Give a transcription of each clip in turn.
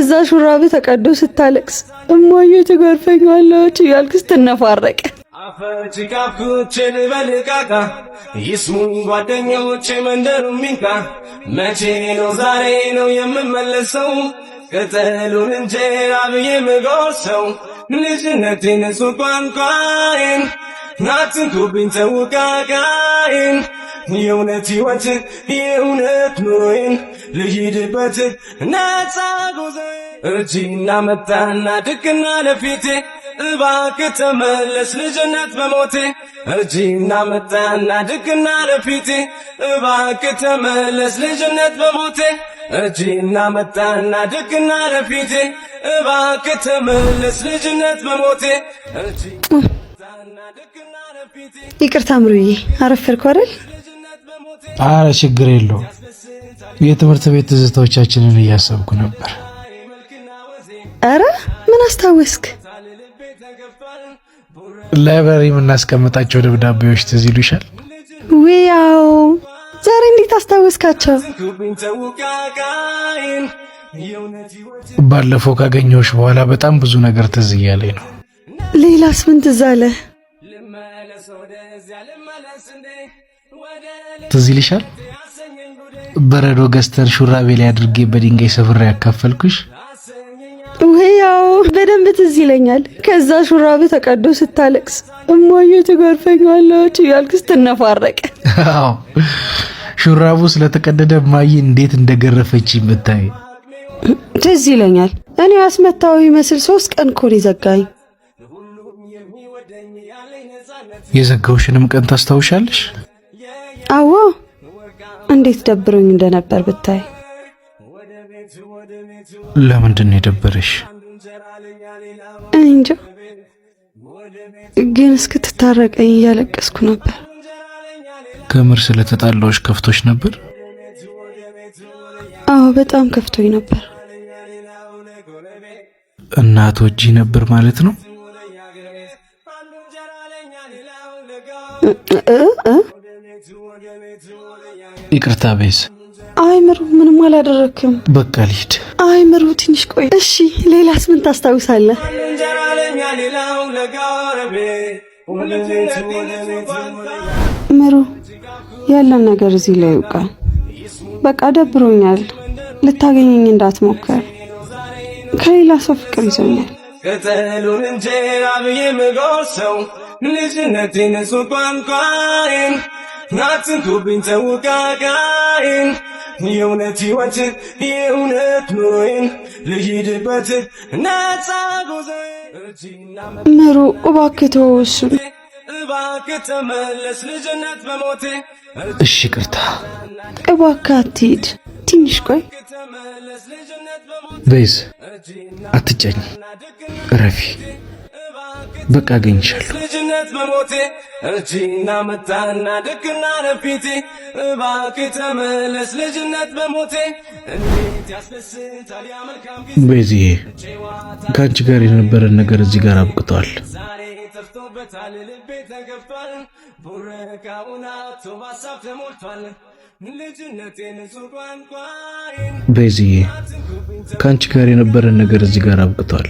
እዛ ሹራብ ተቀዶ ስታለቅስ እማዬ ትገርፈኛለች እያልክ ስትነፋረቅ አፈጭቃፍኩችን በልቃቃ ይስሙኝ ጓደኞቼ መንደሩ ሚንቃ መቼ ነው ዛሬ ነው የምመለሰው ቅጠሉን እንጀራ ብዬ ምጎርሰው ልጅነቴን ንጹህ ቋንቋዬን ናትንኩብኝ ተውቃቃዬን የእውነት ሕይወትን የእውነት ኑሮዬን ልሂድበት ነፃ ጉዞዬ እጅና መጣና ድቅና ለፊቴ እባክህ ተመለስ ልጅነት በሞቴ እርጅና መጣና ድቅና ለፊቴ እባክህ ተመለስ ልጅነት በሞቴ እርጅና መጣና ድቅና ለፊቴ እባክህ ተመለስ ልጅነት በሞቴ ይቅርታ ምሩዬ፣ አረፈድኩ አይደል? አረ ችግር የለው። የትምህርት ቤት ትዝታዎቻችንን እያሰብኩ ነበር። አረ ምን አስታወስክ? ላይብራሪ የምናስቀምጣቸው ደብዳቤዎች ትዝ ይሉሻል? ውያው ዛሬ እንዴት አስታወስካቸው? ባለፈው ካገኘሁሽ በኋላ በጣም ብዙ ነገር ትዝ እያለኝ ነው። ሌላስ ምን ትዝ አለ? ትዝ ይልሻል? በረዶ ገዝተን ሹራቤ ላይ አድርጌ በድንጋይ ሰብሬ ያካፈልኩሽ። ያው በደንብ ትዝ ይለኛል። ከዛ ሹራብ ተቀዶ ስታለቅስ እማዬ ትገርፈኛለች እያልክ ስትነፋረቅ፣ ሹራቡ ስለተቀደደ እማዬ እንዴት እንደገረፈች ብታይ ትዝ ይለኛል። እኔ አስመታዊ ይመስል ሶስት ቀን ኮን የዘጋኝ የዘጋውሽንም ቀን ታስታውሻለሽ? አዎ እንዴት ደብሮኝ እንደነበር ብታይ። ለምንድን ነው የደበረሽ? እንጃ ግን እስክትታረቀኝ እያለቀስኩ ነበር። ከምር ስለተጣላዎች ከፍቶች ነበር? አዎ በጣም ከፍቶኝ ነበር። እናቶ ነበር ማለት ነው። ይቅርታ ቤዝ። አይ ምሩ፣ ምንም አላደረክም። በቃ ልሂድ። አይ ምሩ፣ ትንሽ ቆይ። እሺ፣ ሌላስ ምን ታስታውሳለህ? ምሩ፣ ያለን ነገር እዚህ ላይ ይውቃል። በቃ ደብሮኛል። ልታገኘኝ እንዳትሞከር። ከሌላ ሰው ፍቅር ይዞኛል። ቅጠሉን እንጀራ ብዬ ምጎርሰው ልጅነቴን እሱ ቋንቋዬን ናትንኩብኝ የእውነት ሕይወትን የእውነት ኑሮዬን ልሂድበት ነፃ ጉዞዬ ምሩ እባክህ እባክህ ተመለስ ልጅነት በሞቴ እሺ ቅርታ እባክህ አትሂድ ትንሽ ቆይ ቤዝ አትጨኝ፣ እረፊ። በቃ አገኝሻለሁ። ልጅነት በሞቴ እጅና መጣና ድክና ረፊቴ እባክህ ተመለስ። ልጅነት በሞቴ እንዴት ያስደስታል። መልካም ጊዜ ቤዝዬ፣ ከአንቺ ጋር የነበረን ነገር እዚህ ጋር ዛሬ ተፍቶበታል፣ ልቤ ተገብቷል፣ ቡረቃውና ቶባሳብ ተሞልቷል። በዚህ ከአንቺ ጋር የነበረን ነገር እዚህ ጋር አብቅቷል።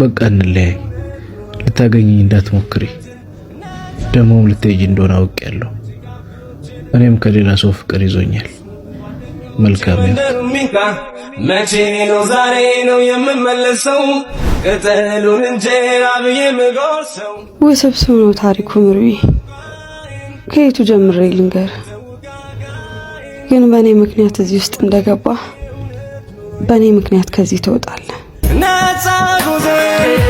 በቃ እንለያይ። ልታገኘኝ እንዳትሞክሪ፣ ደግሞም ልትሄጂ እንደሆነ አውቄያለሁ። እኔም ከሌላ ሰው ፍቅር ይዞኛል። መልካም መቼ ነው ዛሬ ነው የምመለሰው? ቅጠሉን እንጀራ ብዬ ምጎርሰው። ውስብስብ ነው ታሪኩ ምሩዬ። ከየቱ ጀምሬ ልንገር? ግን በእኔ ምክንያት እዚህ ውስጥ እንደገባ በእኔ ምክንያት ከዚህ ትወጣለህ።